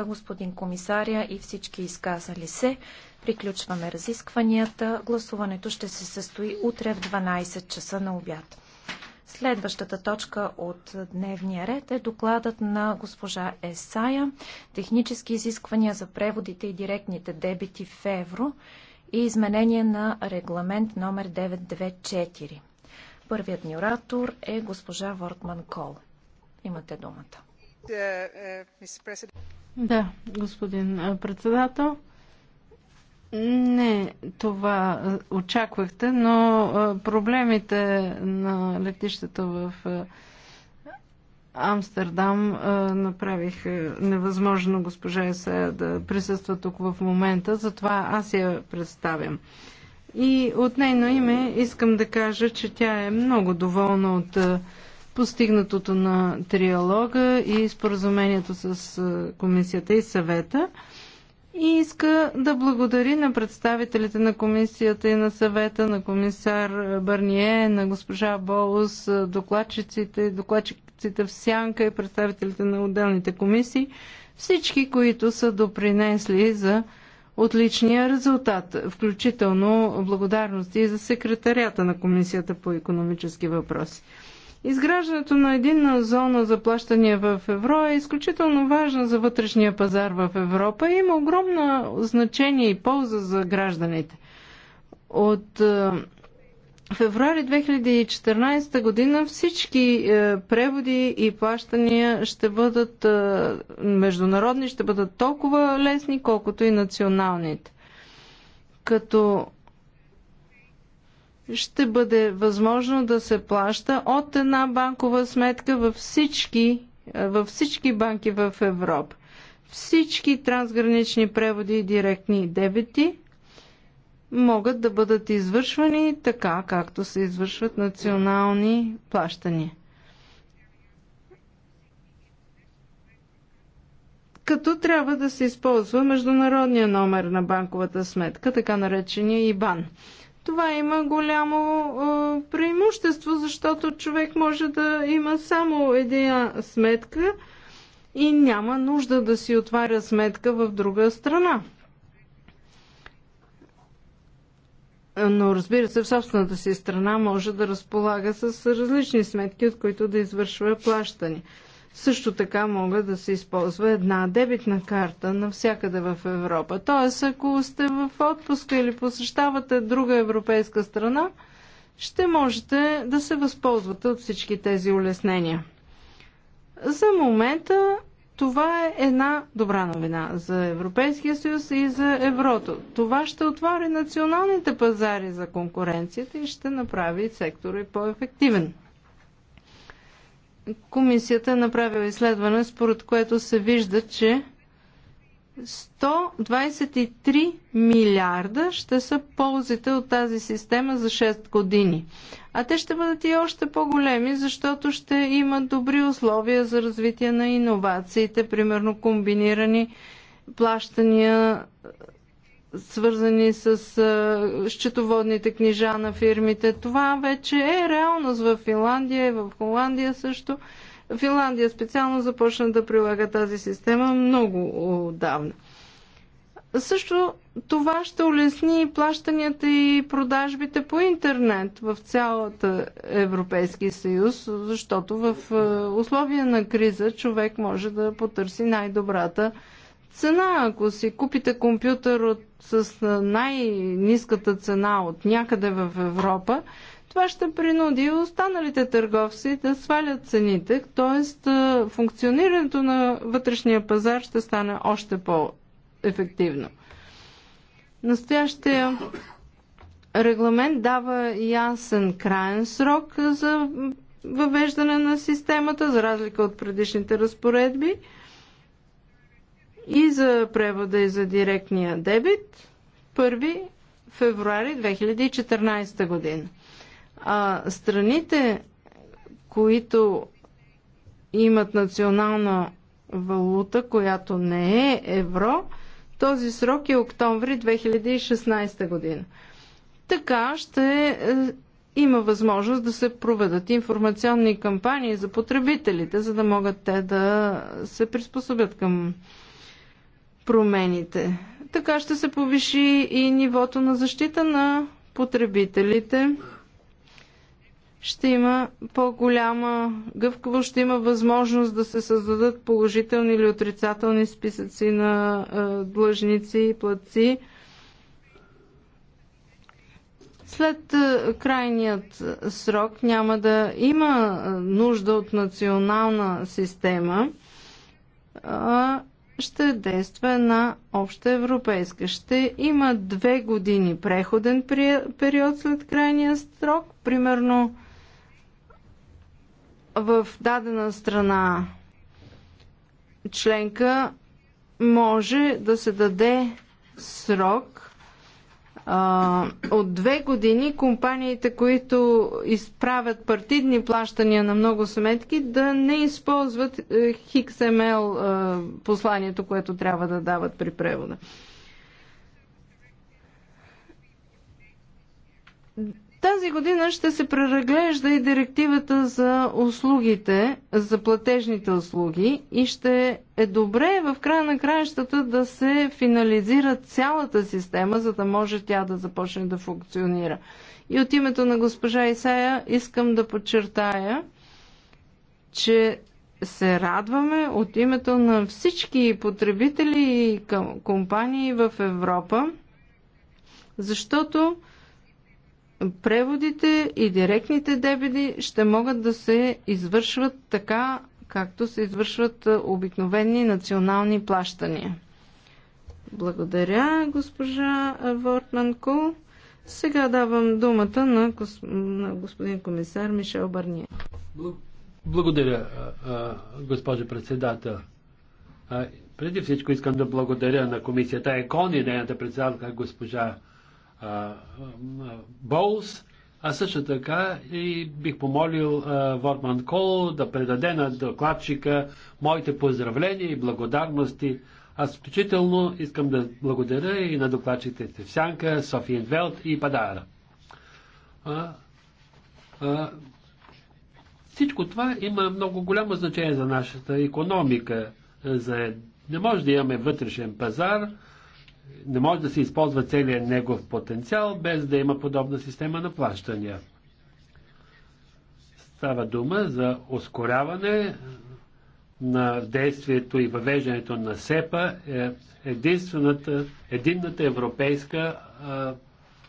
господин комисаря и всички изказали се. Приключваме разискванията. Гласуването ще се състои утре в 12 часа на обяд. Следващата точка от дневния ред е докладът на госпожа Есая технически изисквания за преводите и директните дебити в евро и изменение на регламент номер 924. Първият ни оратор е госпожа Вортман Кол. Имате думата. Е, е, да, господин председател. Не, това очаквахте, но проблемите на летището в Амстердам направих невъзможно госпожа Есея да присъства тук в момента, затова аз я представям. И от нейно име искам да кажа, че тя е много доволна от постигнатото на триалога и споразумението с комисията и съвета и иска да благодари на представителите на комисията и на съвета, на комисар Барние, на госпожа Болус, докладчиците, докладчиците в Сянка и представителите на отделните комисии, всички, които са допринесли за отличния резултат, включително благодарности и за секретарята на Комисията по економически въпроси. Изграждането на единна зона за плащания в евро е изключително важна за вътрешния пазар в Европа и има огромно значение и полза за гражданите. От е, февруари 2014 година всички е, преводи и плащания ще бъдат е, международни, ще бъдат толкова лесни, колкото и националните. Като ще бъде възможно да се плаща от една банкова сметка във всички, е, във всички банки в Европа. Всички трансгранични преводи и директни дебити могат да бъдат извършвани така, както се извършват национални плащания. Като трябва да се използва международния номер на банковата сметка, така наречения ИБАН това има голямо преимущество, защото човек може да има само една сметка и няма нужда да си отваря сметка в друга страна. Но разбира се, в собствената си страна може да разполага с различни сметки, от които да извършва плащане. Също така мога да се използва една дебитна карта навсякъде в Европа. Тоест, ако сте в отпуска или посещавате друга европейска страна, ще можете да се възползвате от всички тези улеснения. За момента това е една добра новина за Европейския съюз и за еврото. Това ще отвори националните пазари за конкуренцията и ще направи сектора и по-ефективен комисията е направила изследване, според което се вижда, че 123 милиарда ще са ползите от тази система за 6 години. А те ще бъдат и още по-големи, защото ще имат добри условия за развитие на иновациите, примерно комбинирани плащания свързани с счетоводните книжа на фирмите. Това вече е реалност в Финландия и в Холандия също. Финландия специално започна да прилага тази система много отдавна. Също това ще улесни плащанията и продажбите по интернет в цялата Европейски съюз, защото в условия на криза човек може да потърси най-добрата цена. Ако си купите компютър от, с най-низката цена от някъде в Европа, това ще принуди останалите търговци да свалят цените, т.е. функционирането на вътрешния пазар ще стане още по-ефективно. Настоящия регламент дава ясен крайен срок за въвеждане на системата, за разлика от предишните разпоредби – и за превода и за директния дебит 1 февруари 2014 година. А страните, които имат национална валута, която не е евро, този срок е октомври 2016 година. Така ще е, има възможност да се проведат информационни кампании за потребителите, за да могат те да се приспособят към промените. Така ще се повиши и нивото на защита на потребителите. Ще има по-голяма гъвкаво, ще има възможност да се създадат положителни или отрицателни списъци на длъжници и платци. След крайният срок няма да има нужда от национална система, а ще действа на обща европейска. Ще има две години преходен период след крайния срок. Примерно в дадена страна членка може да се даде срок а, от две години компаниите, които изправят партидни плащания на много сметки, да не използват XML е, е, посланието, което трябва да дават при превода. Тази година ще се преразглежда и директивата за услугите, за платежните услуги и ще е добре в края на краищата да се финализира цялата система, за да може тя да започне да функционира. И от името на госпожа Исая искам да подчертая, че се радваме от името на всички потребители и компании в Европа, защото преводите и директните дебеди ще могат да се извършват така, както се извършват обикновени национални плащания. Благодаря, госпожа Вортманко. Сега давам думата на, гос... на господин комисар Мишел Барния. Благодаря, госпожо председател. Преди всичко искам да благодаря на комисията ЕКОН и нейната председателка госпожа Боулс, а също така и бих помолил Вортман Кол да предаде на докладчика моите поздравления и благодарности. Аз включително искам да благодаря и на докладчите Сянка, София Велт и Падара. А, а, всичко това има много голямо значение за нашата економика. За... Не може да имаме вътрешен пазар, не може да се използва целият негов потенциал, без да има подобна система на плащания. Става дума за ускоряване на действието и въвеждането на СЕПА е единствената, единната европейска е,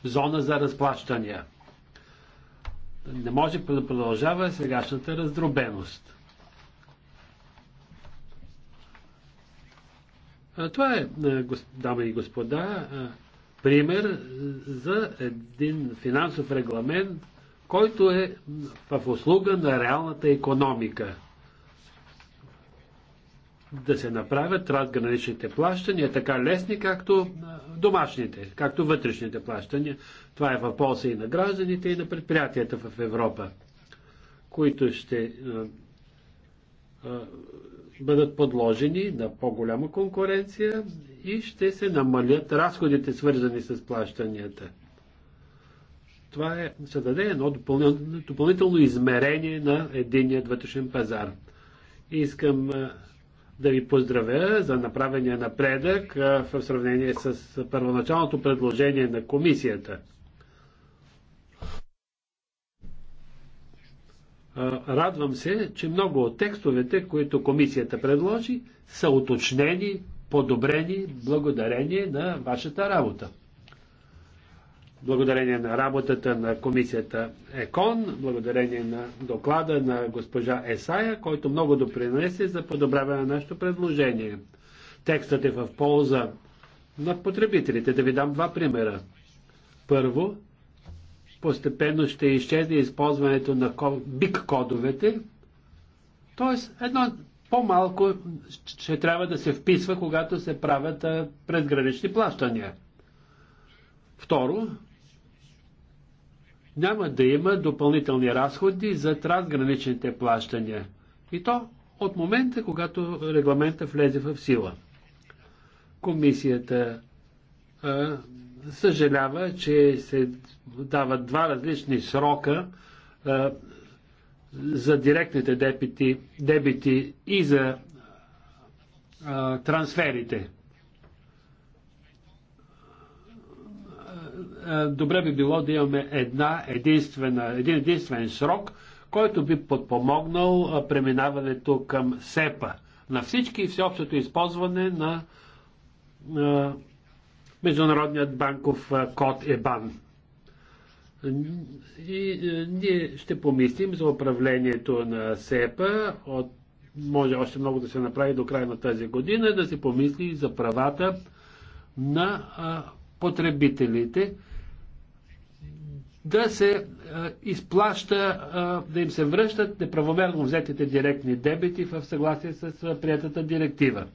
зона за разплащания. Не може да продължава сегашната раздробеност. Това е, дами и господа, пример за един финансов регламент, който е в услуга на реалната економика. Да се направят трансграничните плащания така лесни, както домашните, както вътрешните плащания. Това е в полза и на гражданите, и на предприятията в Европа, които ще бъдат подложени на по-голяма конкуренция и ще се намалят разходите, свързани с плащанията. Това е, ще даде едно допълнително, допълнително измерение на единия вътрешен пазар. Искам да ви поздравя за направения напредък в сравнение с първоначалното предложение на комисията. Радвам се, че много от текстовете, които комисията предложи, са уточнени, подобрени благодарение на вашата работа. Благодарение на работата на комисията ЕКОН, благодарение на доклада на госпожа Есая, който много допринесе за подобряване на нашето предложение. Текстът е в полза на потребителите. Да ви дам два примера. Първо, постепенно ще изчезне използването на бик кодовете. Тоест, едно по-малко ще трябва да се вписва, когато се правят презгранични плащания. Второ, няма да има допълнителни разходи за трансграничните плащания. И то от момента, когато регламента влезе в сила. Комисията а, съжалява, че се дават два различни срока а, за директните дебити, дебити и за а, трансферите. Добре би било да имаме една единствена, един единствен срок, който би подпомогнал преминаването към СЕПА на всички и всеобщото използване на, на Международният банков код ЕБАН. И е, ние ще помислим за управлението на СЕПА. От, може още много да се направи до края на тази година, да се помисли за правата на а, потребителите, да се а, изплаща, а, да им се връщат неправомерно взетите директни дебити в съгласие с а, приятата директива.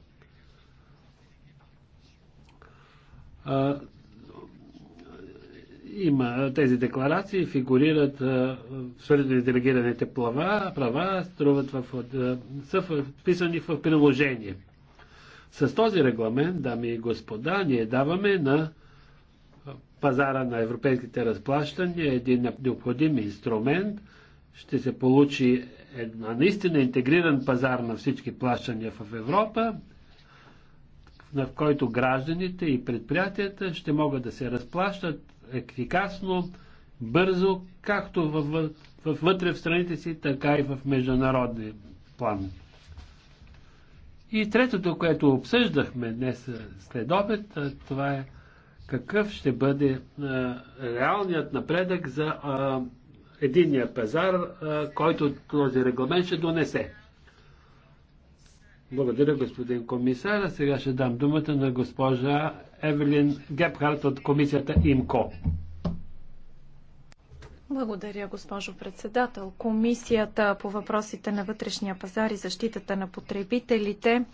има тези декларации, фигурират свързани делегираните плава, права, струват в, са вписани в приложение. С този регламент, дами и господа, ние даваме на пазара на европейските разплащания един необходим инструмент. Ще се получи една наистина интегриран пазар на всички плащания в Европа, на който гражданите и предприятията ще могат да се разплащат ефикасно, бързо, както вътре в страните си, така и в международни план. И третото, което обсъждахме днес след обед, това е какъв ще бъде реалният напредък за единния пазар, който този регламент ще донесе. Благодаря, господин комисар. сега ще дам думата на госпожа Евелин Гепхарт от комисията ИМКО. Благодаря, госпожо председател. Комисията по въпросите на вътрешния пазар и защитата на потребителите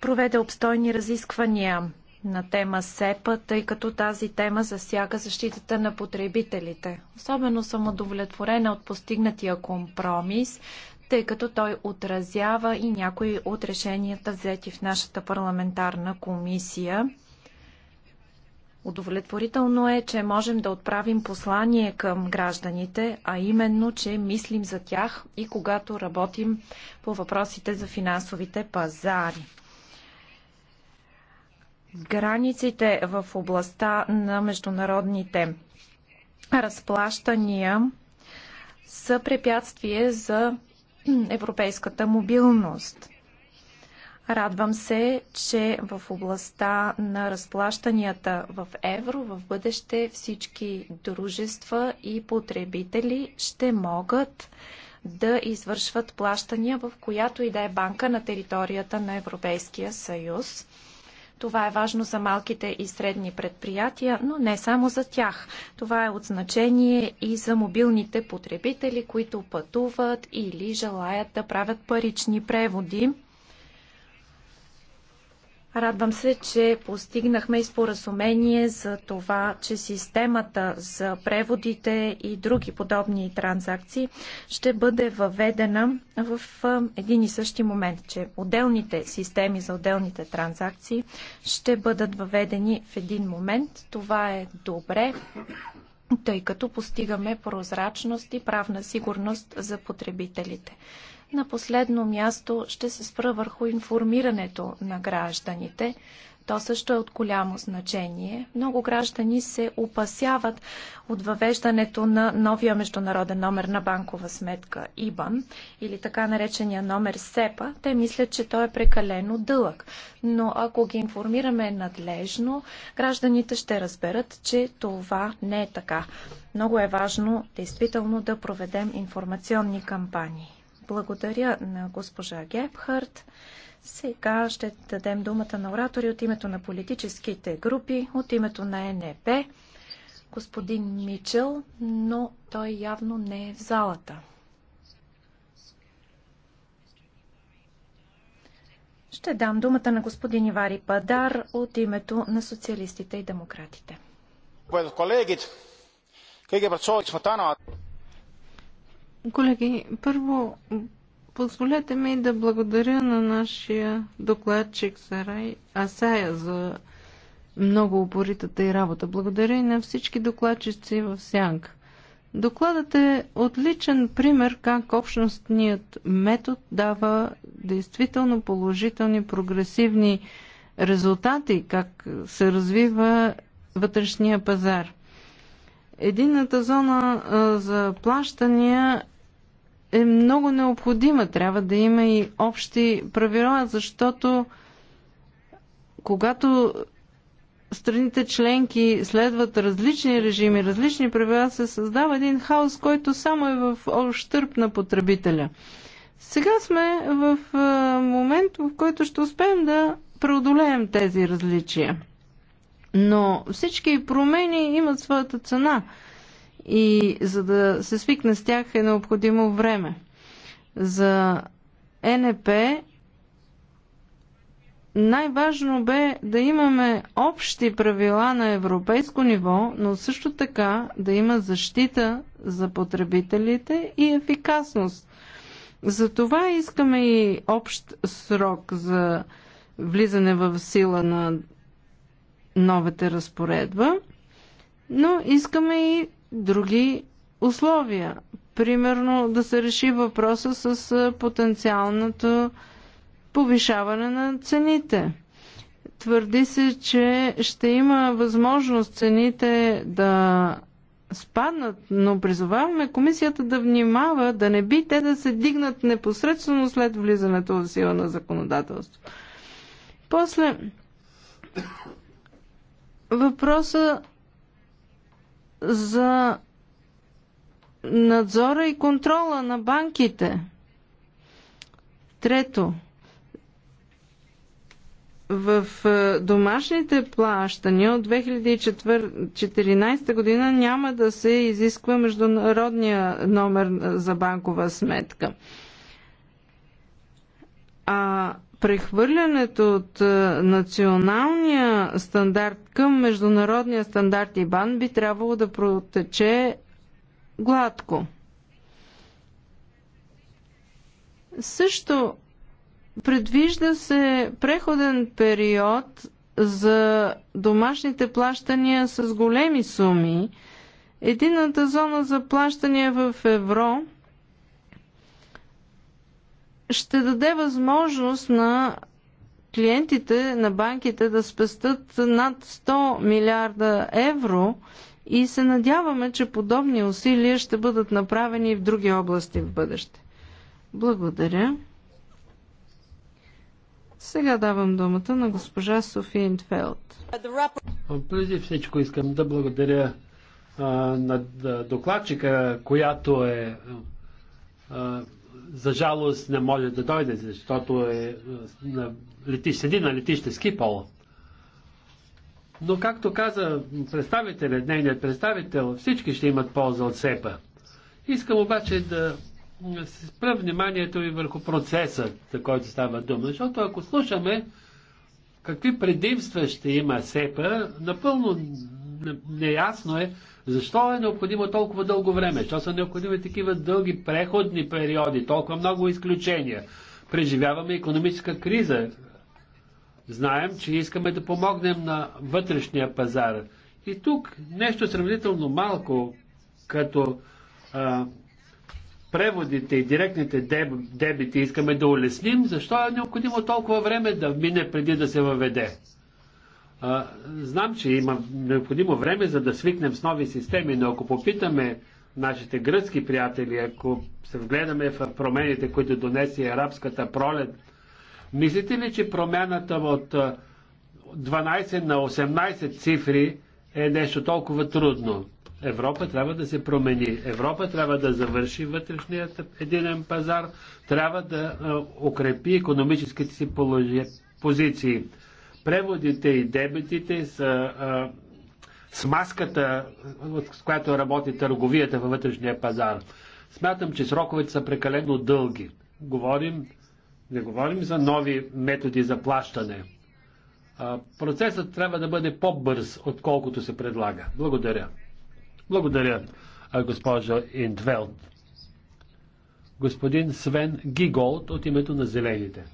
проведе обстойни разисквания на тема СЕПА, тъй като тази тема засяга защитата на потребителите. Особено съм удовлетворена от постигнатия компромис, тъй като той отразява и някои от решенията взети в нашата парламентарна комисия. Удовлетворително е, че можем да отправим послание към гражданите, а именно, че мислим за тях и когато работим по въпросите за финансовите пазари. Границите в областта на международните разплащания са препятствие за европейската мобилност. Радвам се, че в областта на разплащанията в евро в бъдеще всички дружества и потребители ще могат да извършват плащания в която и да е банка на територията на Европейския съюз. Това е важно за малките и средни предприятия, но не само за тях. Това е от значение и за мобилните потребители, които пътуват или желаят да правят парични преводи. Радвам се, че постигнахме и споразумение за това, че системата за преводите и други подобни транзакции ще бъде въведена в един и същи момент, че отделните системи за отделните транзакции ще бъдат въведени в един момент. Това е добре тъй като постигаме прозрачност и правна сигурност за потребителите. На последно място ще се спра върху информирането на гражданите. То също е от голямо значение. Много граждани се опасяват от въвеждането на новия международен номер на банкова сметка ИБАН или така наречения номер СЕПА. Те мислят, че той е прекалено дълъг. Но ако ги информираме надлежно, гражданите ще разберат, че това не е така. Много е важно действително да проведем информационни кампании. Благодаря на госпожа Гепхарт. Сега ще дадем думата на оратори от името на политическите групи, от името на НЕП. Господин Мичел, но той явно не е в залата. Ще дам думата на господин Ивари Падар от името на социалистите и демократите. Колеги, първо позволете ми да благодаря на нашия докладчик Сарай Асая за много упоритата и работа. Благодаря и на всички докладчици в Сянка. Докладът е отличен пример как общностният метод дава действително положителни, прогресивни резултати, как се развива вътрешния пазар. Едината зона за плащания е много необходима. Трябва да има и общи правила, защото когато страните членки следват различни режими, различни правила, се създава един хаос, който само е в ощърп на потребителя. Сега сме в момент, в който ще успеем да преодолеем тези различия. Но всички промени имат своята цена и за да се свикне с тях е необходимо време. За НП най-важно бе да имаме общи правила на европейско ниво, но също така да има защита за потребителите и ефикасност. Затова искаме и общ срок за влизане в сила на новата разпоредба, но искаме и други условия. Примерно да се реши въпроса с потенциалното повишаване на цените. Твърди се, че ще има възможност цените да спаднат, но призоваваме комисията да внимава, да не би те да се дигнат непосредствено след влизането в сила на законодателство. После въпроса за надзора и контрола на банките. Трето, в е, домашните плащания от 2014 година няма да се изисква международния номер за банкова сметка. А прехвърлянето от е, националния стандарт към международния стандарт и бан би трябвало да протече гладко. Също предвижда се преходен период за домашните плащания с големи суми. Едината зона за плащания в евро – ще даде възможност на клиентите на банките да спестат над 100 милиарда евро и се надяваме, че подобни усилия ще бъдат направени и в други области в бъдеще. Благодаря. Сега давам думата на госпожа Софи Интфелд. Преди всичко искам да благодаря а, на докладчика, която е а, за жалост не може да дойде, защото е, е на летище, седи на летище Скипол. Но както каза представителят, нейният представител, всички ще имат полза от СЕПА. Искам обаче да спра вниманието ви върху процеса, за който става дума, защото ако слушаме какви предимства ще има СЕПА, напълно неясно е защо е необходимо толкова дълго време? Защо са необходими такива дълги преходни периоди, толкова много изключения? Преживяваме економическа криза. Знаем, че искаме да помогнем на вътрешния пазар. И тук нещо сравнително малко, като а, преводите и директните деб, дебити искаме да улесним, защо е необходимо толкова време да мине преди да се въведе? знам, че има необходимо време за да свикнем с нови системи, но ако попитаме нашите гръцки приятели, ако се вгледаме в промените, които донесе арабската пролет, мислите ли, че промяната от 12 на 18 цифри е нещо толкова трудно? Европа трябва да се промени. Европа трябва да завърши вътрешният единен пазар, трябва да укрепи економическите си положи, позиции преводите и дебетите са а, смазката, с която работи търговията във вътрешния пазар. Смятам, че сроковете са прекалено дълги. Говорим, не говорим за нови методи за плащане. А, процесът трябва да бъде по-бърз, отколкото се предлага. Благодаря. Благодаря, госпожо Индвелт. Господин Свен Гиголт от името на Зелените.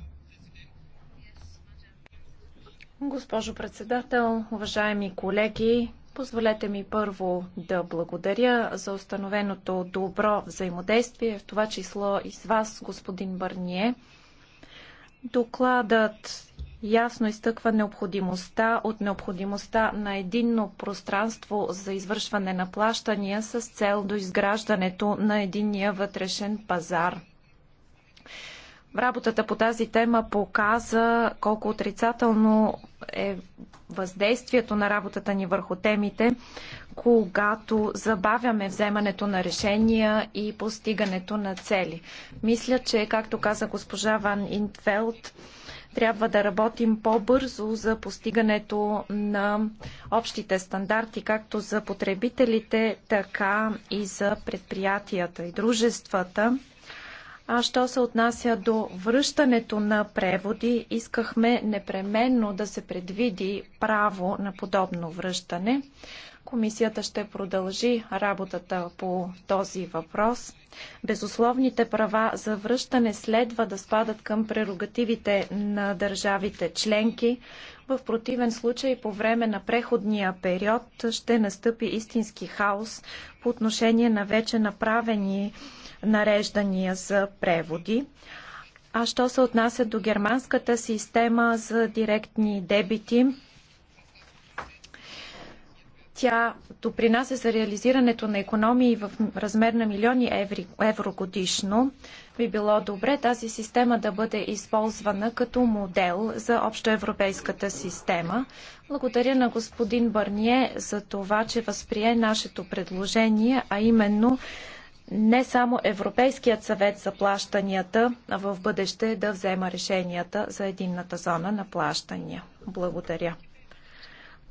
Госпожо председател, уважаеми колеги, позволете ми първо да благодаря за установеното добро взаимодействие, в това число и с вас, господин Барние. Докладът ясно изтъква необходимостта от необходимостта на единно пространство за извършване на плащания с цел до изграждането на единния вътрешен пазар. Работата по тази тема показа колко отрицателно е въздействието на работата ни върху темите, когато забавяме вземането на решения и постигането на цели. Мисля, че, както каза госпожа Ван Интфелд, трябва да работим по-бързо за постигането на общите стандарти, както за потребителите, така и за предприятията и дружествата. А що се отнася до връщането на преводи, искахме непременно да се предвиди право на подобно връщане. Комисията ще продължи работата по този въпрос. Безусловните права за връщане следва да спадат към прерогативите на държавите членки. В противен случай по време на преходния период ще настъпи истински хаос по отношение на вече направени нареждания за преводи. А що се отнася до германската система за директни дебити, тя допринася за реализирането на економии в размер на милиони евро годишно. Би било добре тази система да бъде използвана като модел за общоевропейската система. Благодаря на господин Барние за това, че възприе нашето предложение, а именно не само Европейският съвет за плащанията а в бъдеще да взема решенията за единната зона на плащания. Благодаря.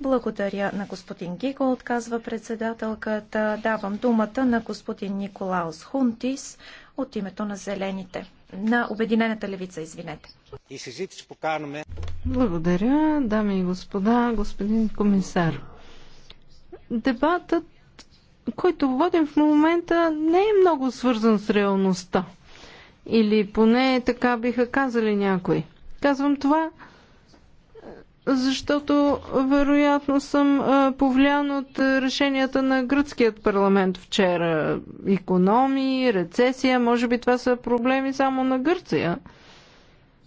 Благодаря на господин Гиго, отказва председателката. Давам думата на господин Николаус Хунтис от името на Зелените. На Обединената левица, извинете. Благодаря, дами и господа, господин комисар. Дебатът който водим в момента, не е много свързан с реалността. Или поне така биха казали някои. Казвам това, е, защото вероятно съм е, повлиян от решенията на гръцкият парламент вчера. Економии, рецесия, може би това са проблеми само на Гърция.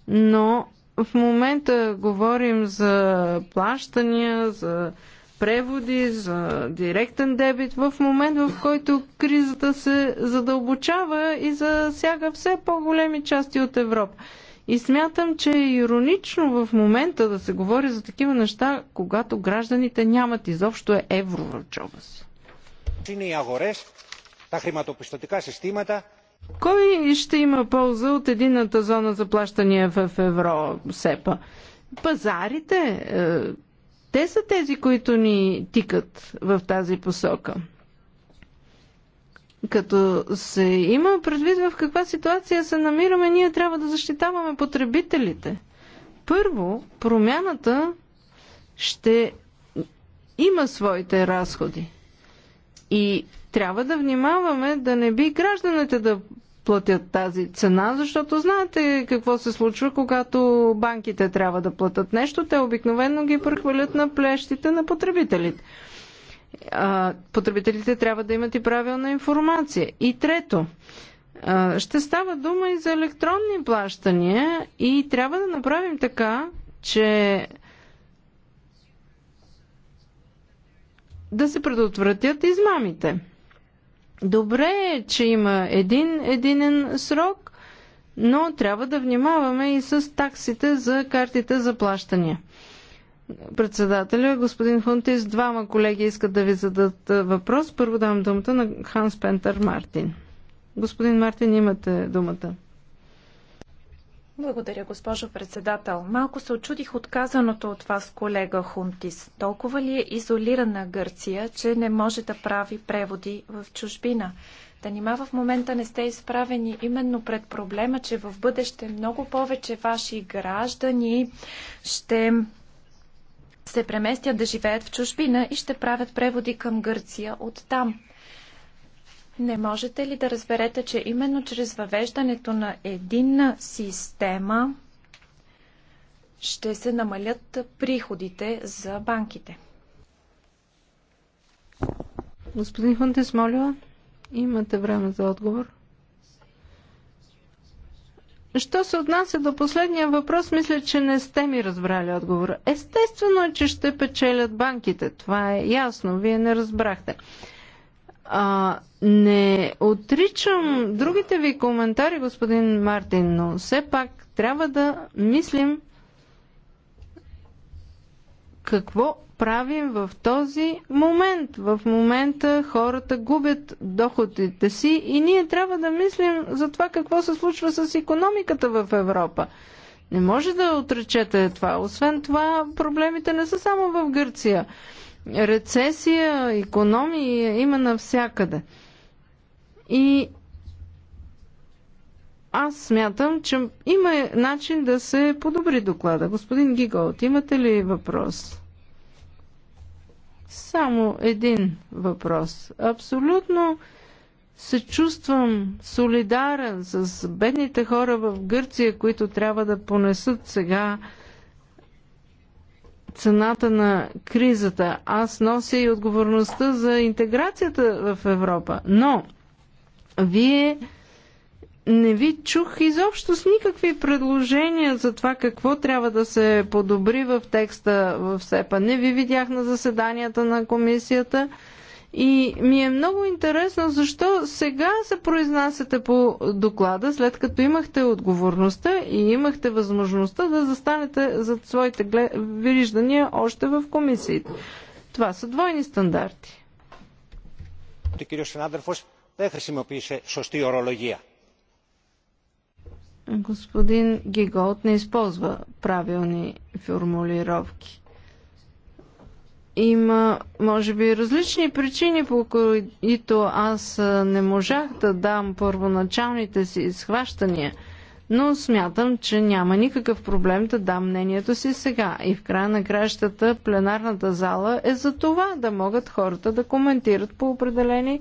Но в момента говорим за плащания, за преводи, за директен дебит в момент, в който кризата се задълбочава и засяга все по-големи части от Европа. И смятам, че е иронично в момента да се говори за такива неща, когато гражданите нямат изобщо е евро в джоба си. Кой ще има полза от едината зона за плащания в Евро, СЕПА? Пазарите, е, те са тези, които ни тикат в тази посока. Като се има предвид в каква ситуация се намираме, ние трябва да защитаваме потребителите. Първо, промяната ще има своите разходи. И трябва да внимаваме да не би гражданите да платят тази цена, защото знаете какво се случва, когато банките трябва да платят нещо, те обикновено ги прехвалят на плещите на потребителите. А, потребителите трябва да имат и правилна информация. И трето, а, ще става дума и за електронни плащания и трябва да направим така, че да се предотвратят измамите. Добре е, че има един единен срок, но трябва да внимаваме и с таксите за картите за плащания. Председателя, господин Хунтис, двама колеги искат да ви зададат въпрос. Първо давам думата на Ханс Пентър Мартин. Господин Мартин, имате думата. Благодаря, госпожо председател. Малко се очудих от казаното от вас, колега Хунтис. Толкова ли е изолирана Гърция, че не може да прави преводи в чужбина? Да нима в момента не сте изправени именно пред проблема, че в бъдеще много повече ваши граждани ще се преместят да живеят в чужбина и ще правят преводи към Гърция от там. Не можете ли да разберете, че именно чрез въвеждането на единна система ще се намалят приходите за банките? Господин Хунтес, моля, имате време за отговор. Що се отнася до последния въпрос, мисля, че не сте ми разбрали отговора. Естествено е, че ще печелят банките. Това е ясно. Вие не разбрахте. А, не отричам другите ви коментари, господин Мартин, но все пак трябва да мислим какво правим в този момент. В момента хората губят доходите си и ние трябва да мислим за това какво се случва с економиката в Европа. Не може да отречете това. Освен това, проблемите не са само в Гърция. Рецесия, економия има навсякъде. И аз смятам, че има начин да се подобри доклада. Господин Гиголт, имате ли въпрос? Само един въпрос. Абсолютно се чувствам солидарен с бедните хора в Гърция, които трябва да понесат сега цената на кризата. Аз нося и отговорността за интеграцията в Европа. Но, вие не ви чух изобщо с никакви предложения за това какво трябва да се подобри в текста в СЕПА. Не ви видях на заседанията на комисията. И ми е много интересно защо сега се произнасяте по доклада, след като имахте отговорността и имахте възможността да застанете зад своите виждания още в комисиите. Това са двойни стандарти. Господин Гигот не използва правилни формулировки. Има, може би, различни причини, по които аз не можах да дам първоначалните си изхващания, но смятам, че няма никакъв проблем да дам мнението си сега. И в края на кращата пленарната зала е за това да могат хората да коментират по определени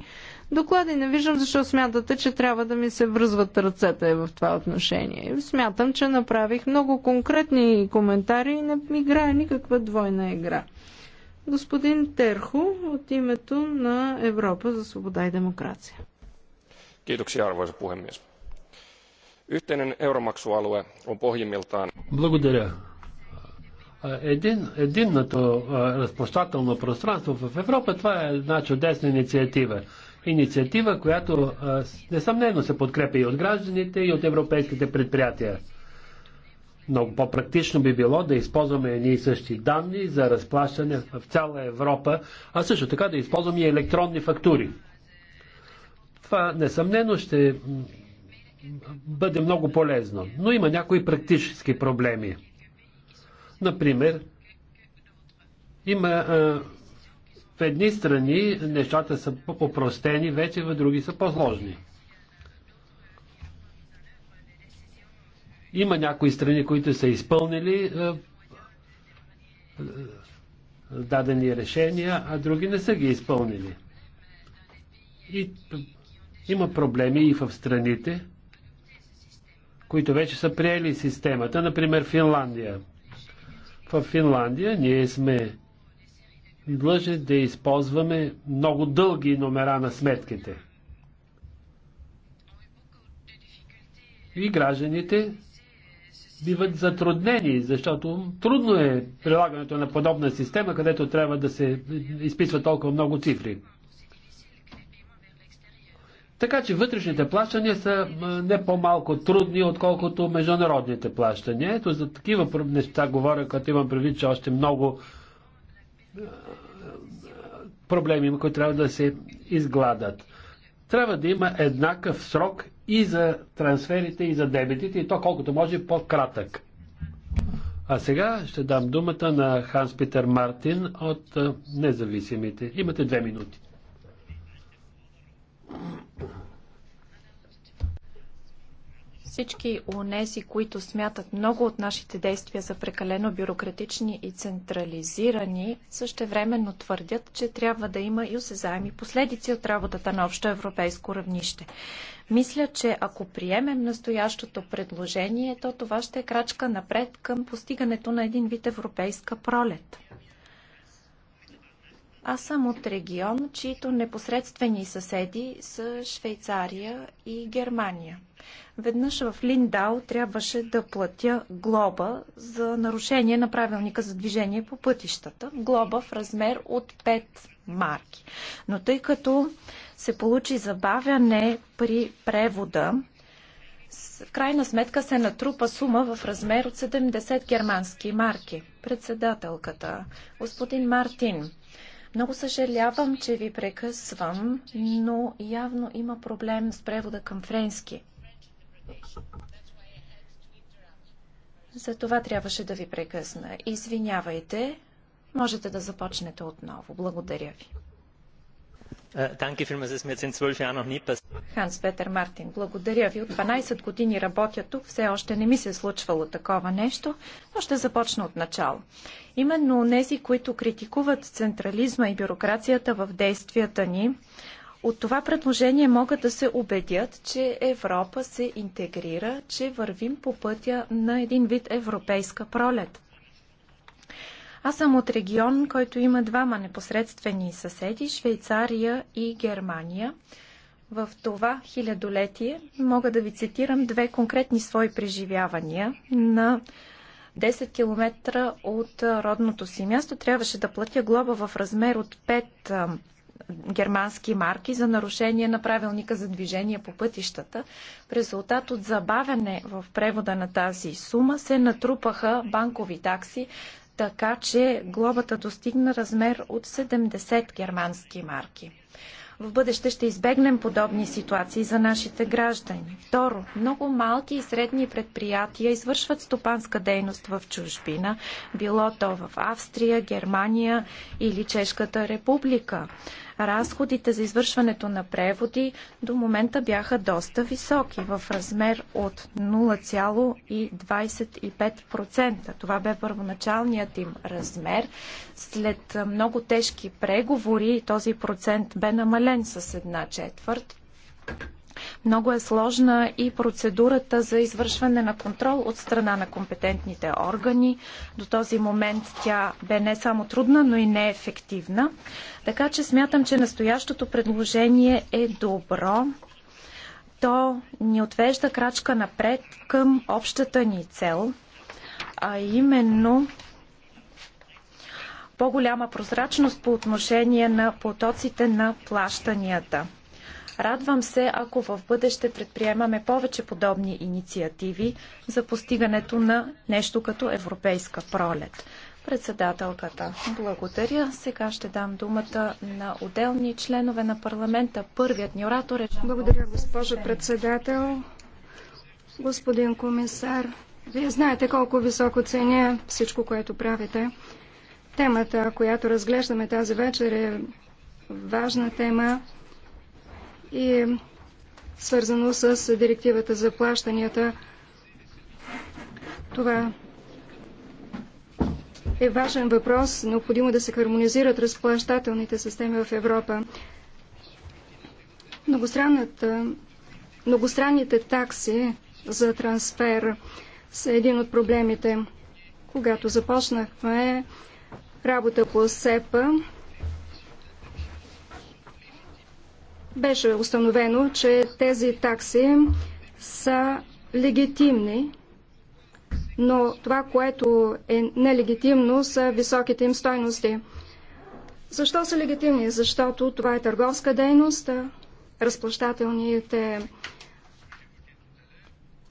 доклади. Не виждам защо смятате, че трябва да ми се връзват ръцете в това отношение. Смятам, че направих много конкретни коментари и не играя никаква двойна игра господин Терхо от името на Европа за свобода и демокрация. Kiitoksia, arvoisa puhemies. Yhteinen euromaksualue on pohjimmiltaan... Благодаря. Един, единното разплащателно пространство в Европа, това е една чудесна инициатива. Инициатива, която несъмнено се подкрепи и от гражданите, и от европейските предприятия. Много по-практично би било да използваме едни и същи данни за разплащане в цяла Европа, а също така да използваме и електронни фактури. Това несъмнено ще бъде много полезно, но има някои практически проблеми. Например, има а, в едни страни нещата са по-простени, вече в други са по-сложни. Има някои страни, които са изпълнили е, е, дадени решения, а други не са ги изпълнили. И има проблеми и в страните, които вече са приели системата, например Финландия. В Финландия ние сме длъжни да използваме много дълги номера на сметките. И гражданите биват затруднени, защото трудно е прилагането на подобна система, където трябва да се изписва толкова много цифри. Така че вътрешните плащания са не по-малко трудни, отколкото международните плащания. Ето за такива неща говоря, като имам предвид, че още много проблеми има, които трябва да се изгладат. Трябва да има еднакъв срок и за трансферите, и за дебетите, и то колкото може по-кратък. А сега ще дам думата на Ханс Питер Мартин от Независимите. Имате две минути. Всички унези, които смятат много от нашите действия за прекалено бюрократични и централизирани, същевременно твърдят, че трябва да има и осезаеми последици от работата на общо европейско равнище. Мисля, че ако приемем настоящото предложение, то това ще е крачка напред към постигането на един вид европейска пролет. Аз съм от регион, чието непосредствени съседи са Швейцария и Германия. Веднъж в Линдау трябваше да платя глоба за нарушение на правилника за движение по пътищата. Глоба в размер от 5 марки. Но тъй като се получи забавяне при превода, в крайна сметка се натрупа сума в размер от 70 германски марки. Председателката, господин Мартин, много съжалявам, че ви прекъсвам, но явно има проблем с превода към френски. За това трябваше да ви прекъсна. Извинявайте, можете да започнете отново. Благодаря ви. Е, Ханс Петър Мартин, благодаря ви. От 12 години работя тук, все още не ми се е случвало такова нещо, но ще започна от начало. Именно нези, които критикуват централизма и бюрокрацията в действията ни, от това предложение могат да се убедят, че Европа се интегрира, че вървим по пътя на един вид европейска пролет. Аз съм от регион, който има двама непосредствени съседи Швейцария и Германия. В това хилядолетие мога да ви цитирам две конкретни свои преживявания на 10 км от родното си място. Трябваше да платя глоба в размер от 5 германски марки за нарушение на правилника за движение по пътищата. В резултат от забавяне в превода на тази сума се натрупаха банкови такси така че глобата достигна размер от 70 германски марки. В бъдеще ще избегнем подобни ситуации за нашите граждани. Второ, много малки и средни предприятия извършват стопанска дейност в чужбина, било то в Австрия, Германия или Чешката република разходите за извършването на преводи до момента бяха доста високи, в размер от 0,25%. Това бе първоначалният им размер. След много тежки преговори този процент бе намален с една четвърт. Много е сложна и процедурата за извършване на контрол от страна на компетентните органи. До този момент тя бе не само трудна, но и неефективна. Така че смятам, че настоящото предложение е добро то ни отвежда крачка напред към общата ни цел, а именно по-голяма прозрачност по отношение на потоците на плащанията. Радвам се, ако в бъдеще предприемаме повече подобни инициативи за постигането на нещо като европейска пролет. Председателката, благодаря. Сега ще дам думата на отделни членове на парламента. Първият ни оратор е... Благодаря, госпожо председател. Господин комисар, вие знаете колко високо ценя всичко, което правите. Темата, която разглеждаме тази вечер е важна тема и свързано с директивата за плащанията. Това е важен въпрос. Необходимо е да се хармонизират разплащателните системи в Европа. многостранните такси за трансфер са един от проблемите. Когато започнахме работа по СЕПА, Беше установено, че тези такси са легитимни, но това, което е нелегитимно, са високите им стойности. Защо са легитимни? Защото това е търговска дейност, разплащателните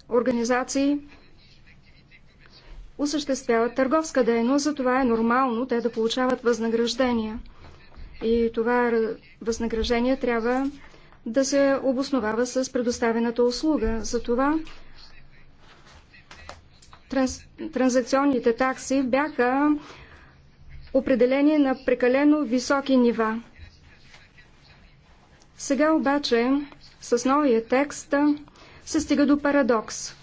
организации осъществяват търговска дейност, затова е нормално те да получават възнаграждения. И това възнаграждение трябва да се обосновава с предоставената услуга. Затова транс, транзакционните такси бяха определени на прекалено високи нива. Сега обаче с новия текст се стига до парадокс.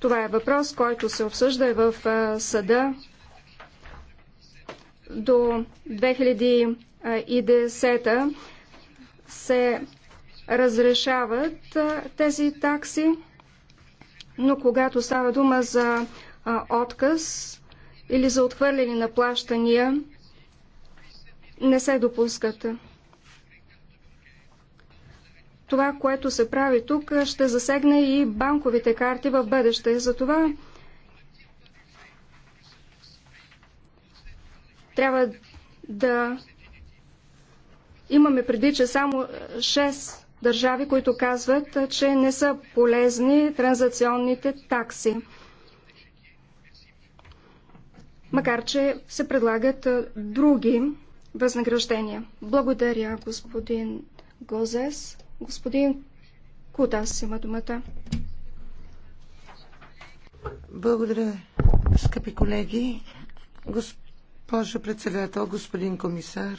Това е въпрос, който се обсъжда в съда до 2010 се разрешават тези такси, но когато става дума за отказ или за отхвърляне на плащания, не се допускат. Това, което се прави тук, ще засегне и банковите карти в бъдеще. Затова Трябва да имаме преди, че само 6 държави, които казват, че не са полезни транзакционните такси. Макар, че се предлагат други възнаграждения. Благодаря, господин Гозес. Господин Кутас има думата. Благодаря, скъпи колеги. Госп госпожо председател, господин комисар.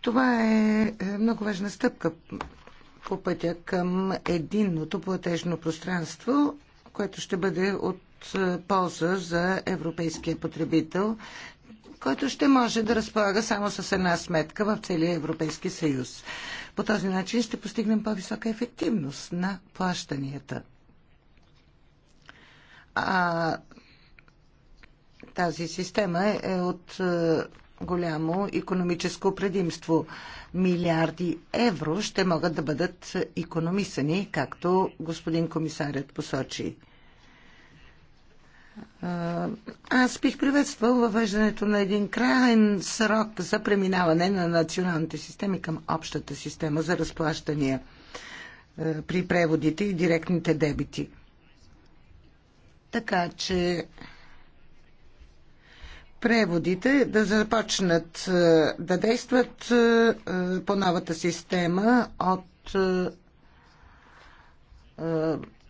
Това е, е много важна стъпка по пътя към единното платежно пространство, което ще бъде от е, полза за европейския потребител, който ще може да разполага само с една сметка в целия Европейски съюз. По този начин ще постигнем по-висока ефективност на плащанията. А тази система е, е от е, голямо економическо предимство. Милиарди евро ще могат да бъдат економисани, както господин комисарят посочи. Е, аз бих приветствал въвеждането на един крайен срок за преминаване на националните системи към общата система за разплащания при преводите и директните дебити. Така че преводите да започнат е, да действат е, е, по новата система от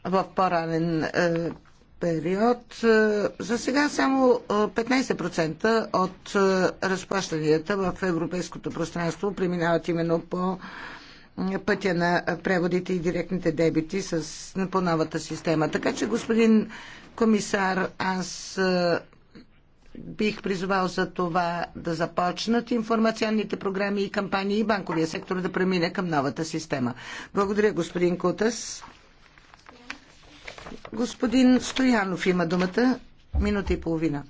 в по-ранен период. За сега само 15% от разплащанията в европейското пространство преминават именно по пътя на преводите и директните дебити с, по новата система. Така че, господин комисар, аз бих призвал за това да започнат информационните програми и кампании и банковия сектор да премине към новата система. Благодаря, господин Кутас. Господин Стоянов има думата. Минута и половина.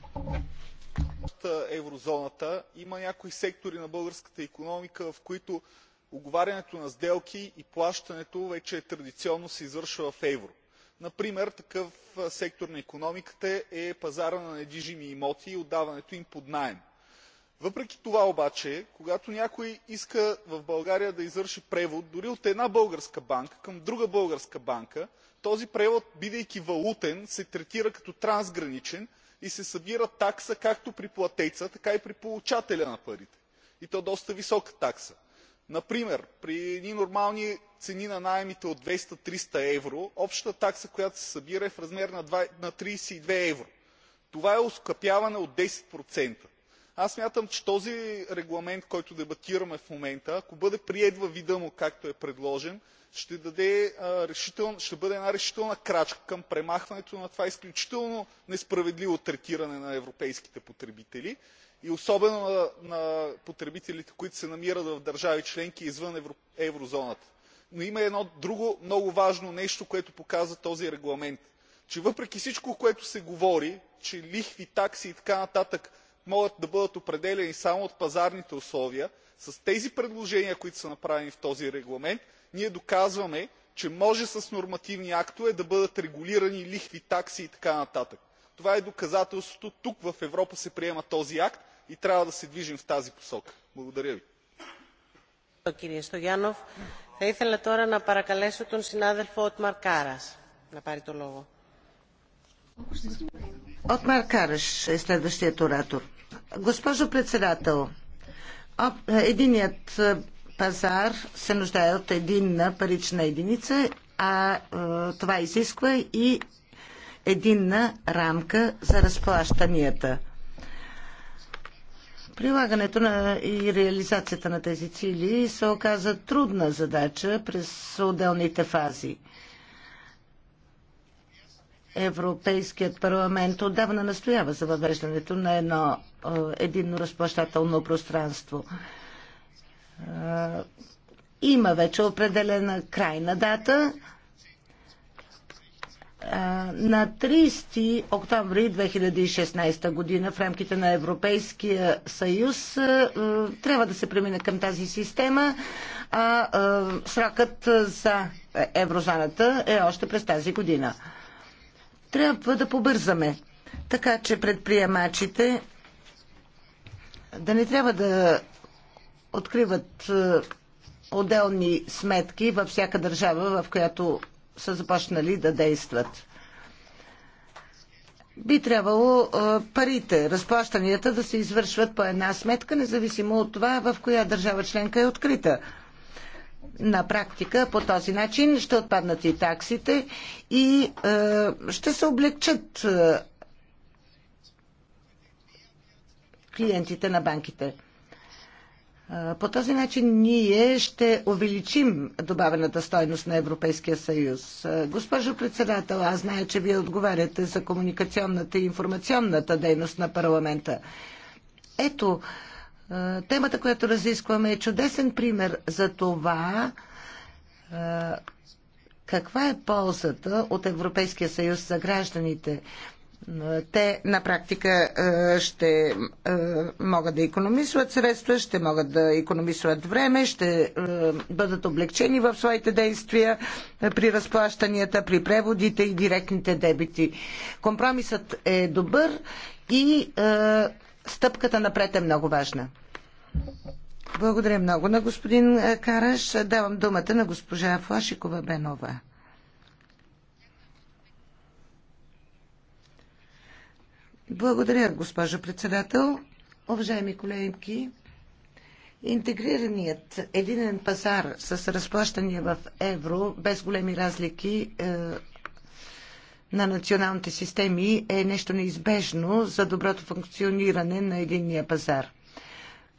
Еврозоната има някои сектори на българската економика, в които оговарянето на сделки и плащането вече традиционно се извършва в евро например такъв сектор на икономиката е пазарът на недвижими имоти и отдаването им под наем. въпреки това обаче когато някой иска в българя да извърши превод дори от една българска банка към друга българска банка този превод бидейки валутен се третира като трансграничен и се събира такса както при платеца така и при получателя на парите и то доста висока такса. Например, при едни нормални цени на найемите от 200-300 евро, общата такса, която се събира е в размер на 32 евро. Това е оскъпяване от 10%. Аз смятам, че този регламент, който дебатираме в момента, ако бъде приет във вида му, както е предложен, ще бъде една решителна крачка към премахването на това изключително несправедливо третиране на европейските потребители и особено на потребителите които се намират в държави членки извън еврозоната. но има едно друго много важно нещо което показва този регламент че въпреки всичко което се говори че лихви такси и така нататък могат да бъдат определяни само от пазарните условия с тези предложения които са направени в този регламент ние доказваме че може с нормативни актове да бъдат регулирани лихви такси и така нататък това е доказателството. Тук в Европа се приема този акт и трябва да се движим в тази посока. Благодаря ви. Κύριε θα ήθελα τώρα να παρακαλέσω τον συνάδελφο Κάρας να πάρει το λόγο. Госпожо председател, единият е, пазар се нуждае от единна парична единица, а е, това изисква и единна рамка за разплащанията. Прилагането на и реализацията на тези цели се оказа трудна задача през отделните фази. Европейският парламент отдавна настоява за въвеждането на едно е, единно разплащателно пространство. Е, има вече определена крайна дата, на 30 октомври 2016 година в рамките на Европейския съюз трябва да се премине към тази система, а срокът за еврозоната е още през тази година. Трябва да побързаме, така че предприемачите да не трябва да откриват отделни сметки във всяка държава, в която са започнали да действат. Би трябвало парите, разплащанията да се извършват по една сметка, независимо от това в коя държава членка е открита. На практика по този начин ще отпаднат и таксите и а, ще се облегчат а, клиентите на банките. По този начин ние ще увеличим добавената стойност на Европейския съюз. Госпожо председател, аз зная, че вие отговаряте за комуникационната и информационната дейност на парламента. Ето, темата, която разискваме е чудесен пример за това каква е ползата от Европейския съюз за гражданите те на практика е, ще е, могат да економисват средства, ще могат да економисват време, ще е, бъдат облегчени в своите действия при разплащанията, при преводите и директните дебити. Компромисът е добър и стъпката напред е много важна. Благодаря много на господин Караш. Давам думата на госпожа Флашикова Бенова. Благодаря, госпожо председател. Уважаеми колеги, интегрираният единен пазар с разплащания в евро, без големи разлики е, на националните системи, е нещо неизбежно за доброто функциониране на единния пазар.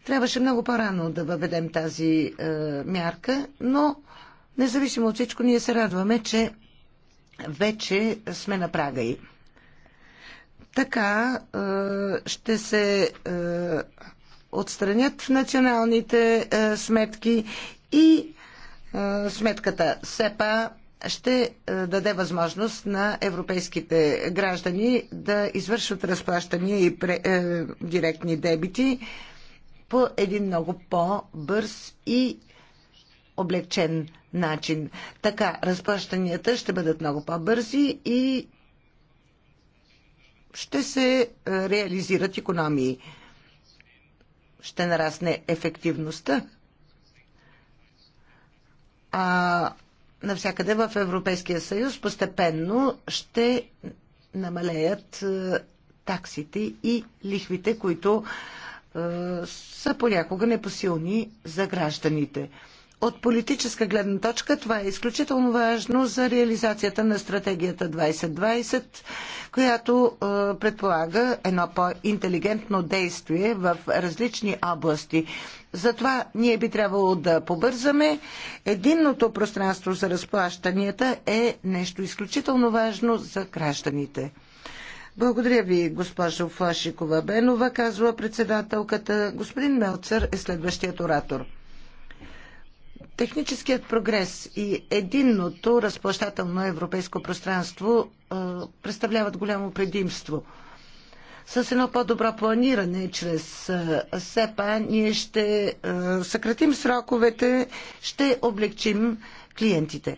Трябваше много по-рано да въведем тази е, мярка, но независимо от всичко, ние се радваме, че вече сме на прага и. Така е, ще се е, отстранят националните е, сметки и сметката СЕПА ще даде възможност на европейските граждани да извършват разплащания и директни дебити по един много по-бърз и облегчен начин. Така разплащанията ще бъдат много по-бързи и ще се е, реализират економии. Ще нарасне ефективността. А навсякъде в Европейския съюз постепенно ще намалеят е, таксите и лихвите, които е, са понякога непосилни за гражданите. От политическа гледна точка това е изключително важно за реализацията на стратегията 2020, която е, предполага едно по-интелигентно действие в различни области. Затова ние би трябвало да побързаме. Единното пространство за разплащанията е нещо изключително важно за гражданите. Благодаря ви, госпожо Флашикова Бенова, казва председателката. Господин Мелцер е следващият оратор. Техническият прогрес и единното разплащателно европейско пространство е, представляват голямо предимство. С едно по-добро планиране чрез е, СЕПА ние ще е, съкратим сроковете, ще облегчим клиентите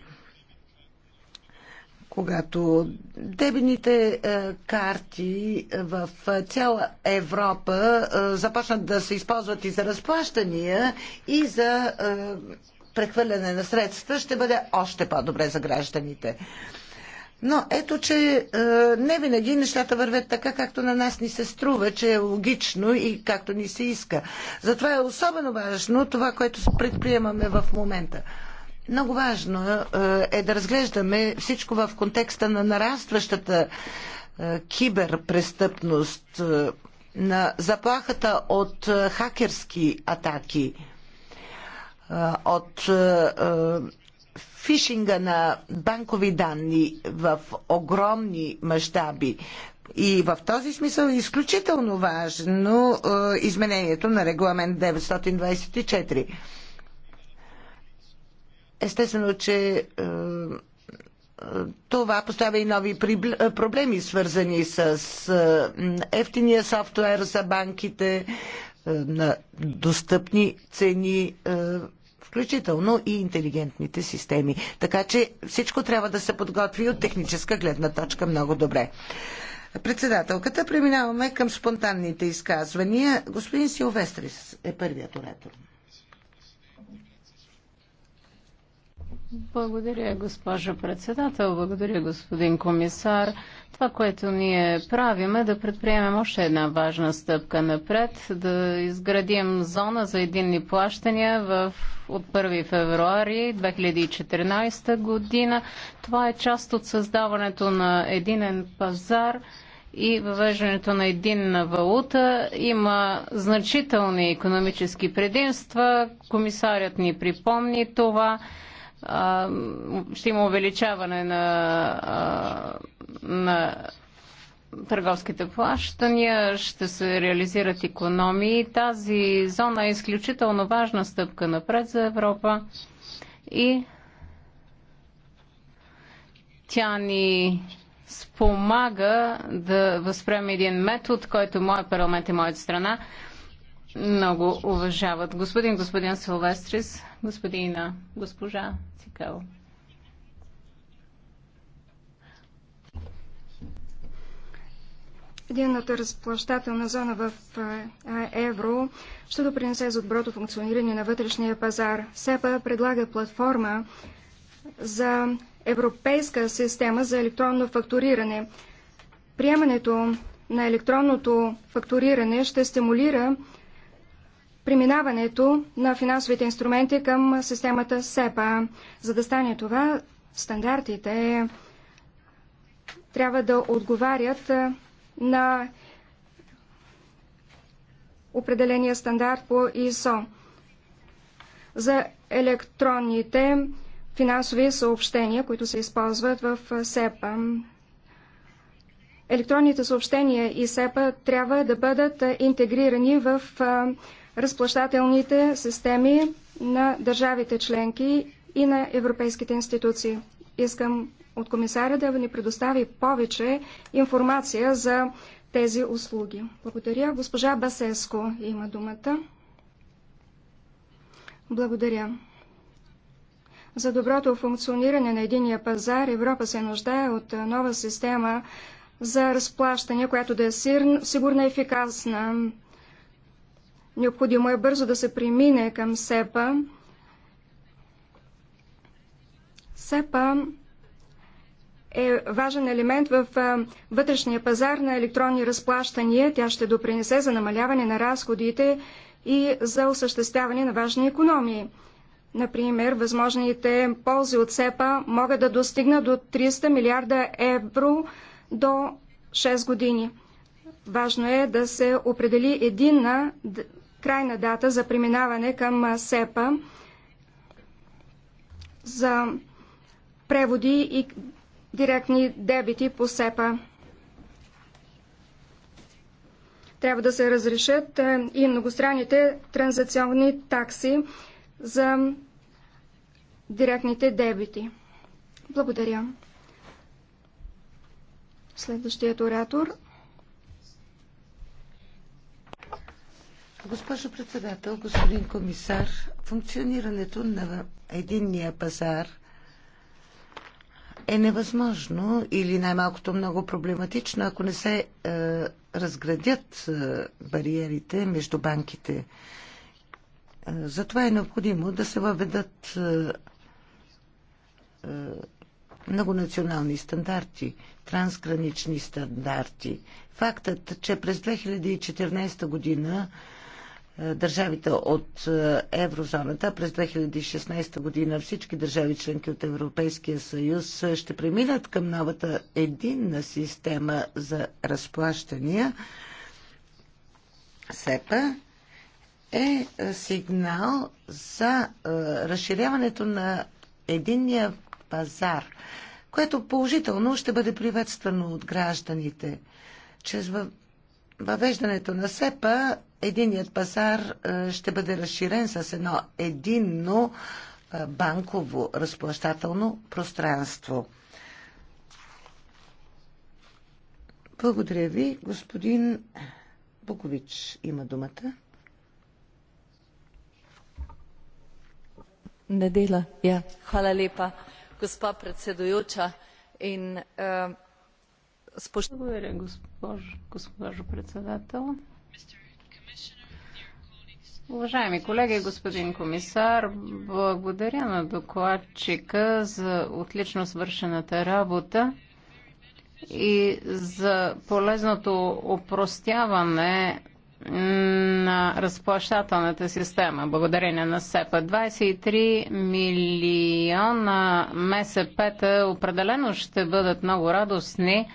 когато дебените карти в цяла Европа започнат да се използват и за разплащания, и за прехвърляне на средства ще бъде още по-добре за гражданите. Но ето, че е, не винаги нещата вървят така, както на нас ни се струва, че е логично и както ни се иска. Затова е особено важно това, което предприемаме в момента. Много важно е, е да разглеждаме всичко в контекста на нарастващата е, киберпрестъпност, е, на заплахата от хакерски атаки – от фишинга на банкови данни в огромни мащаби. И в този смисъл е изключително важно изменението на регламент 924. Естествено, че това поставя и нови проблеми, свързани с ефтиния софтуер за банките, на достъпни цени включително и интелигентните системи. Така че всичко трябва да се подготви от техническа гледна точка много добре. Председателката, преминаваме към спонтанните изказвания. Господин Силвестрис е първият оратор. Благодаря, госпожо председател. Благодаря, господин комисар. Това, което ние правим е да предприемем още една важна стъпка напред, да изградим зона за единни плащания в, от 1 февруари 2014 година. Това е част от създаването на единен пазар и въвеждането на единна валута има значителни економически предимства. Комисарят ни припомни това ще има увеличаване на, на търговските плащания, ще се реализират економии. Тази зона е изключително важна стъпка напред за Европа и тя ни спомага да възпрем един метод, който моят парламент и моята страна много уважават. Господин, господин Силвестрис, господина, госпожа Цикел. Единната разплащателна зона в евро ще допринесе за доброто функциониране на вътрешния пазар. СЕПА предлага платформа за европейска система за електронно фактуриране. Приемането на електронното фактуриране ще стимулира преминаването на финансовите инструменти към системата СЕПА. За да стане това, стандартите трябва да отговарят на определения стандарт по ИСО за електронните финансови съобщения, които се използват в СЕПА. Електронните съобщения и СЕПА трябва да бъдат интегрирани в разплащателните системи на държавите членки и на европейските институции. Искам от комисаря да ни предостави повече информация за тези услуги. Благодаря. Госпожа Басеско има думата. Благодаря. За доброто функциониране на единия пазар Европа се нуждае от нова система за разплащане, която да е сигурна и ефикасна. Необходимо е бързо да се премине към СЕПА. СЕПА е важен елемент в вътрешния пазар на електронни разплащания. Тя ще допринесе за намаляване на разходите и за осъществяване на важни економии. Например, възможните ползи от СЕПА могат да достигнат до 300 милиарда евро до 6 години. Важно е да се определи единна крайна дата за преминаване към СЕПА за преводи и директни дебити по СЕПА. Трябва да се разрешат и многостранните транзакционни такси за директните дебити. Благодаря. Следващият оратор. Госпожо председател, господин комисар, функционирането на единния пазар е невъзможно или най-малкото много проблематично, ако не се е, разградят е, бариерите между банките. Е, затова е необходимо да се въведат е, е, многонационални стандарти, трансгранични стандарти. Фактът, че през 2014 година държавите от е, еврозоната. През 2016 година всички държави членки от Европейския съюз ще преминат към новата единна система за разплащания. СЕПА е сигнал за е, разширяването на единния пазар, което положително ще бъде приветствано от гражданите. Чрез въвеждането на СЕПА единият пазар е, ще бъде разширен с едно единно е, банково разплащателно пространство. Благодаря ви. Господин Букович има думата. Недела, я. Хвала лепа, gospa predsedujoča in е, спущ... Благодаря, госпожо, госпожо председател. Уважаеми колеги, господин комисар, благодаря на докладчика за отлично свършената работа и за полезното опростяване на разплащателната система, благодарение на СЕПА. 23 милиона МСП-та определено ще бъдат много радостни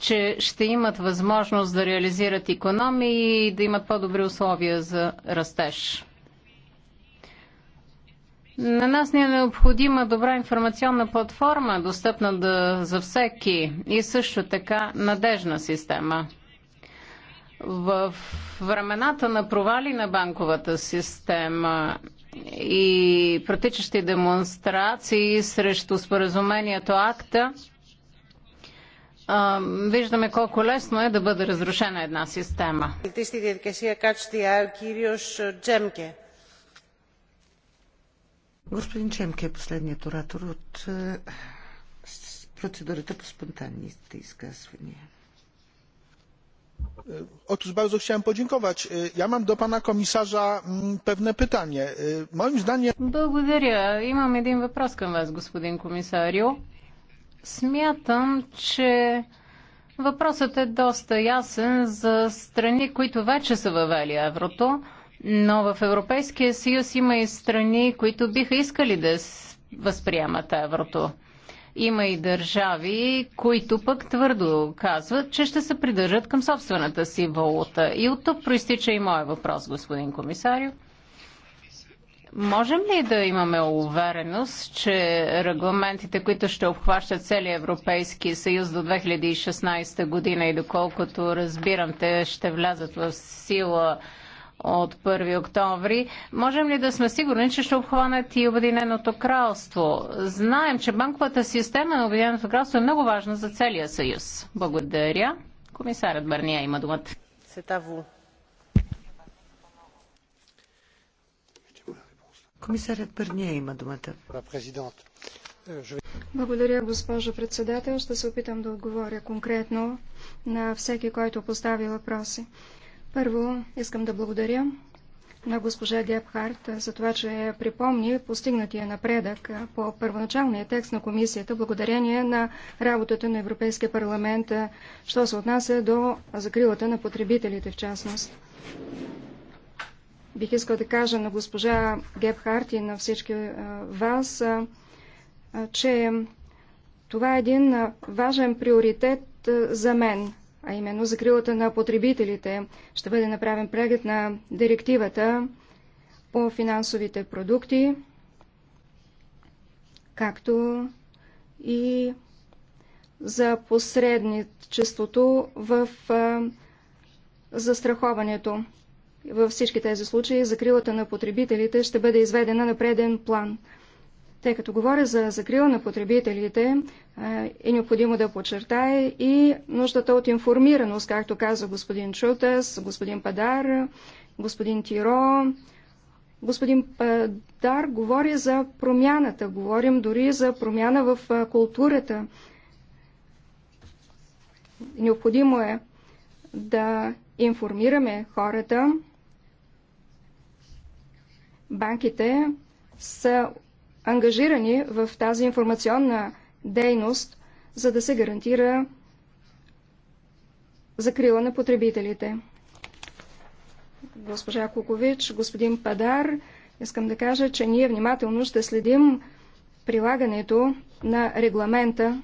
че ще имат възможност да реализират економии и да имат по-добри условия за растеж. На нас ни е необходима добра информационна платформа, достъпна да, за всеки и също така надежна система. В времената на провали на банковата система и протичащи демонстрации срещу споразумението АКТА, а, виждаме колко лесно е да бъде разрушена една система. Господин Чемке е последният оратор от е, процедурата по спонтанните изказвания. Е, Otóż bardzo chciałem podziękować. Е, ja mam do pana komisarza mm, pewne pytanie. Moim zdaniem... Благодаря. Имам един въпрос към was, господин комисарио. Смятам, че въпросът е доста ясен за страни, които вече са въвели еврото, но в Европейския съюз има и страни, които биха искали да възприемат еврото. Има и държави, които пък твърдо казват, че ще се придържат към собствената си валута. И от тук проистича и моят въпрос, господин комисарю. Можем ли да имаме увереност, че регламентите, които ще обхващат целият Европейски съюз до 2016 година и доколкото разбирам, те ще влязат в сила от 1 октомври. Можем ли да сме сигурни, че ще обхванат и Обединеното кралство? Знаем, че банковата система на Обединеното кралство е много важна за целия съюз. Благодаря. Комисарът Бърния има думата. Комисарят Бърния има думата. Е, благодаря, госпожо председател. Ще се опитам да отговоря конкретно на всеки, който постави въпроси. Първо, искам да благодаря на госпожа Гепхарт за това, че припомни постигнатия напредък по първоначалния текст на комисията, благодарение на работата на Европейския парламент, що се отнася до закрилата на потребителите в частност бих искал да кажа на госпожа Гебхарт и на всички вас, че това е един важен приоритет за мен, а именно закрилата на потребителите. Ще бъде направен преглед на директивата по финансовите продукти, както и за посредничеството в застраховането. Във всички тези случаи закрилата на потребителите ще бъде изведена на преден план. Тъй като говоря за закрила на потребителите, е необходимо да подчертая и нуждата от информираност, както каза господин Чутас, господин Падар, господин Тиро. Господин Падар говори за промяната, говорим дори за промяна в културата. Необходимо е да информираме хората банките са ангажирани в тази информационна дейност, за да се гарантира закрила на потребителите. Госпожа Кукович, господин Падар, искам да кажа, че ние внимателно ще следим прилагането на регламента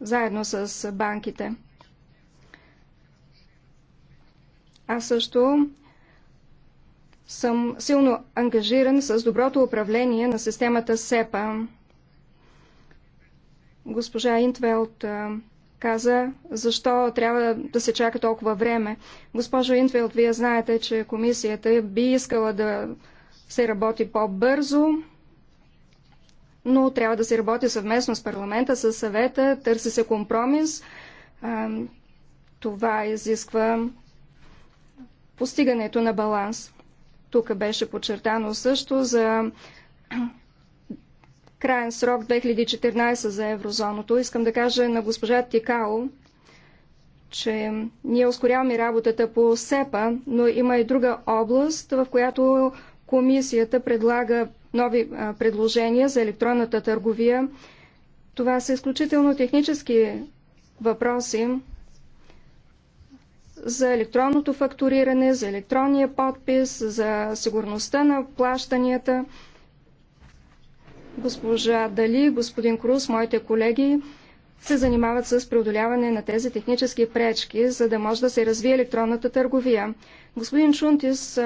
заедно с банките. Аз също съм силно ангажиран с доброто управление на системата СЕПА. Госпожа Интвелт каза, защо трябва да се чака толкова време. Госпожо Интвелт, вие знаете, че комисията би искала да се работи по-бързо, но трябва да се работи съвместно с парламента, с съвета, търси се компромис. Това изисква постигането на баланс. Тук беше подчертано също за краен срок 2014 за еврозоното. Искам да кажа на госпожа Тикао, че ние ускоряваме работата по СЕПА, но има и друга област, в която комисията предлага нови предложения за електронната търговия. Това са изключително технически въпроси, за електронното фактуриране, за електронния подпис, за сигурността на плащанията. Госпожа Дали, господин Круз, моите колеги се занимават с преодоляване на тези технически пречки, за да може да се развие електронната търговия. Господин Чунтис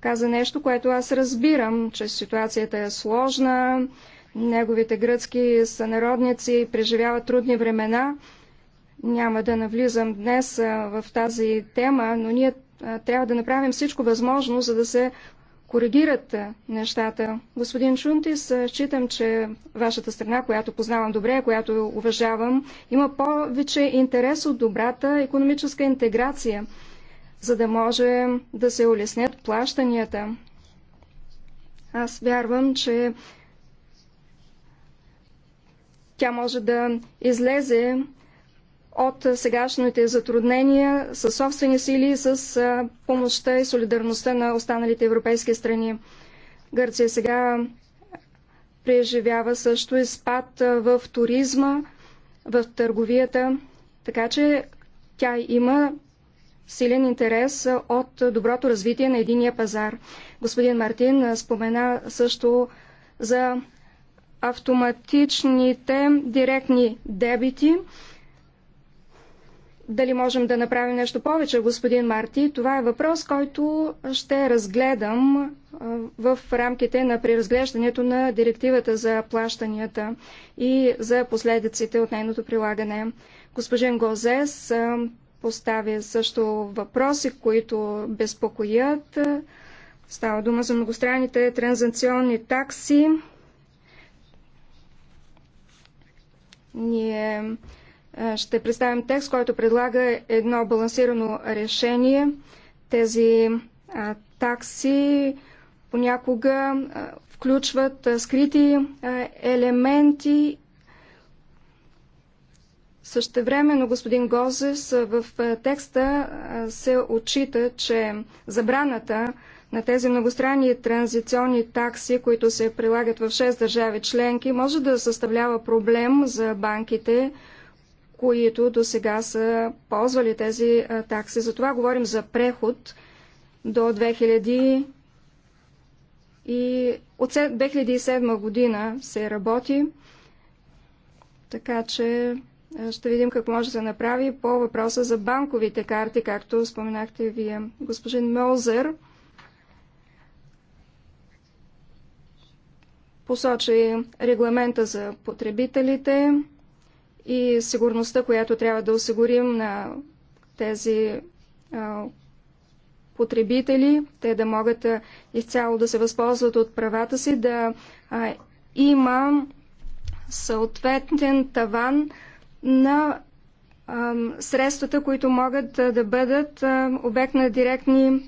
каза нещо, което аз разбирам, че ситуацията е сложна, неговите гръцки сънародници преживяват трудни времена – няма да навлизам днес в тази тема, но ние трябва да направим всичко възможно, за да се коригират нещата. Господин Чунтис, считам, че вашата страна, която познавам добре, която уважавам, има повече интерес от добрата економическа интеграция, за да може да се улеснят плащанията. Аз вярвам, че тя може да излезе от сегашните затруднения със собствени сили и с помощта и солидарността на останалите европейски страни. Гърция сега преживява също и спад в туризма, в търговията, така че тя има силен интерес от доброто развитие на единия пазар. Господин Мартин спомена също за автоматичните директни дебити, дали можем да направим нещо повече, господин Марти? Това е въпрос, който ще разгледам в рамките на преразглеждането на директивата за плащанията и за последиците от нейното прилагане. Господин Гозес поставя също въпроси, които безпокоят. Става дума за многостранните транзакционни такси. Ние е, ще представим текст, който предлага едно балансирано решение. Тези а, е, такси понякога а, е, включват а, скрити а, елементи. но господин Гозес, в а, текста а, се отчита, че забраната на тези многостранни транзиционни такси, които се прилагат в 6 държави членки, може да съставлява проблем за банките, които до сега са ползвали тези такси. Затова говорим за преход до 2000 и от 2007 година се работи, така че ще видим какво може да се направи по въпроса за банковите карти, както споменахте вие. господин Мелзер посочи регламента за потребителите, и сигурността, която трябва да осигурим на тези а, потребители, те да могат а, изцяло да се възползват от правата си, да а, има съответен таван на средствата, които могат да бъдат обект на директни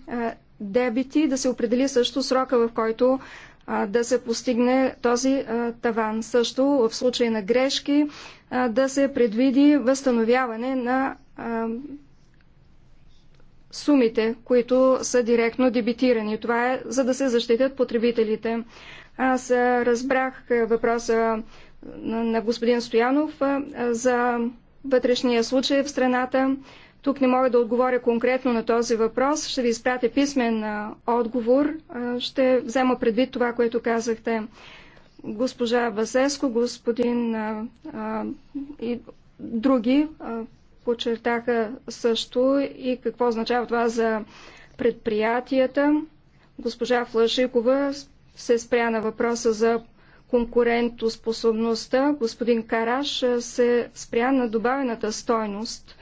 дебити, да се определи също срока, в който а, да се постигне този а, таван. Също в случай на грешки а, да се предвиди възстановяване на сумите, които са директно дебитирани. Това е за да се защитят потребителите. Аз разбрах въпроса на господин Стоянов за вътрешния случай в страната. Тук не мога да отговоря конкретно на този въпрос. Ще ви изпратя писмен отговор. Ще взема предвид това, което казахте. Госпожа Васеско, господин а, а, и други а, подчертаха също и какво означава това за предприятията. Госпожа Флашикова се спря на въпроса за конкурентоспособността. Господин Караш се спря на добавената стойност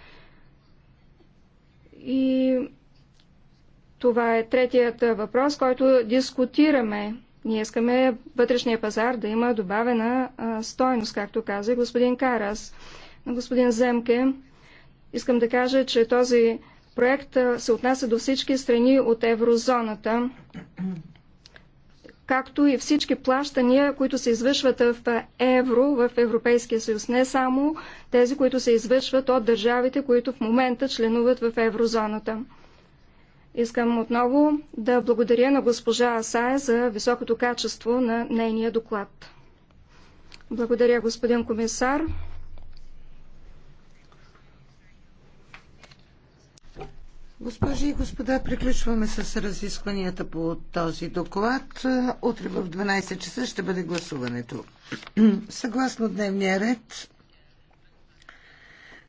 и това е третият въпрос, който дискутираме. Ние искаме вътрешния пазар да има добавена стойност, както каза господин Карас. Но господин Земке искам да кажа, че този проект се отнася до всички страни от еврозоната както и всички плащания, които се извършват в евро в Европейския съюз, не само тези, които се извършват от държавите, които в момента членуват в еврозоната. Искам отново да благодаря на госпожа Асая за високото качество на нейния доклад. Благодаря, господин комисар. Госпожи и господа, приключваме с разискванията по този доклад. Утре в 12 часа ще бъде гласуването. Съгласно дневния ред,